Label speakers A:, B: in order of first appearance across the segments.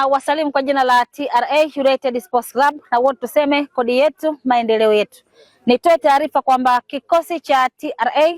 A: na wasalimu kwa jina la TRA United Sports Club, na wote tuseme kodi yetu maendeleo yetu. Nitoe taarifa kwamba kikosi cha TRA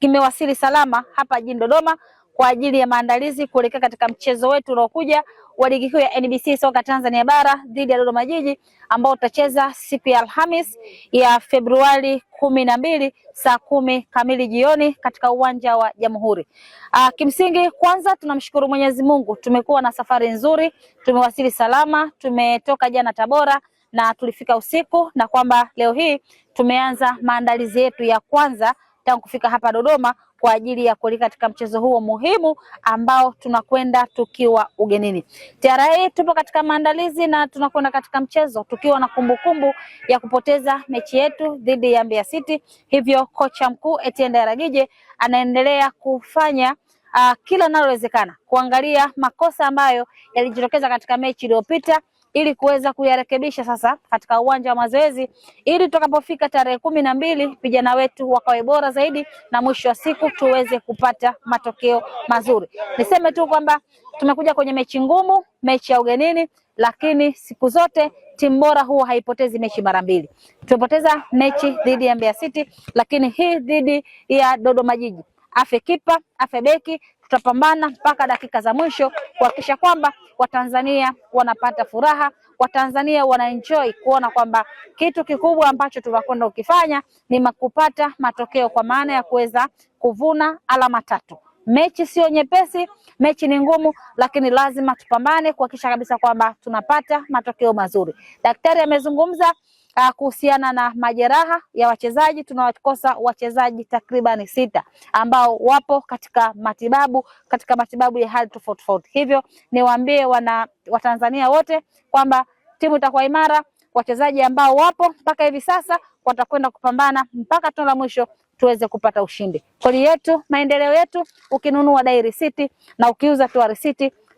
A: kimewasili salama hapa jijini Dodoma kwa ajili ya maandalizi kuelekea katika mchezo wetu unaokuja wa ligi kuu ya NBC soka Tanzania bara dhidi ya Dodoma Jiji ambao utacheza siku ya Alhamis ya Februari kumi na mbili saa kumi kamili jioni katika uwanja wa Jamhuri. Aa, ah, kimsingi kwanza tunamshukuru Mwenyezi Mungu, tumekuwa na safari nzuri, tumewasili salama, tumetoka jana Tabora na tulifika usiku na kwamba leo hii tumeanza maandalizi yetu ya kwanza tangu kufika hapa Dodoma kwa ajili ya kuelekea katika mchezo huo muhimu ambao tunakwenda tukiwa ugenini. TRA tupo katika maandalizi na tunakwenda katika mchezo tukiwa na kumbukumbu kumbu ya kupoteza mechi yetu dhidi ya Mbeya City, hivyo kocha mkuu Etienne Daragije anaendelea kufanya uh, kila linalowezekana kuangalia makosa ambayo yalijitokeza katika mechi iliyopita ili kuweza kuyarekebisha sasa katika uwanja wa mazoezi, ili tutakapofika tarehe kumi na mbili vijana wetu wakawe bora zaidi, na mwisho wa siku tuweze kupata matokeo mazuri. Niseme tu kwamba tumekuja kwenye mechi ngumu, mechi ya ugenini, lakini siku zote timu bora huwa haipotezi mechi mara mbili. Tumepoteza mechi dhidi ya Mbeya City, lakini hii dhidi ya Dodoma Jiji. Afe kipa, afe beki, tutapambana mpaka dakika za mwisho kuhakikisha kwamba Watanzania wanapata furaha, Watanzania wanaenjoy kuona kwamba kitu kikubwa ambacho tunakwenda kukifanya ni kupata matokeo, kwa maana ya kuweza kuvuna alama tatu. Mechi sio nyepesi, mechi ni ngumu, lakini lazima tupambane kuhakikisha kabisa kwamba tunapata matokeo mazuri. Daktari amezungumza Ah, kuhusiana na majeraha ya wachezaji, tunawakosa wachezaji takribani sita ambao wapo katika matibabu katika matibabu ya hali tofauti tofauti. Hivyo niwaambie wana Watanzania wote kwamba timu itakuwa imara, wachezaji ambao wapo mpaka hivi sasa watakwenda kupambana mpaka tone la mwisho tuweze kupata ushindi. Kodi yetu, maendeleo yetu, ukinunua dai risiti na ukiuza toa risiti.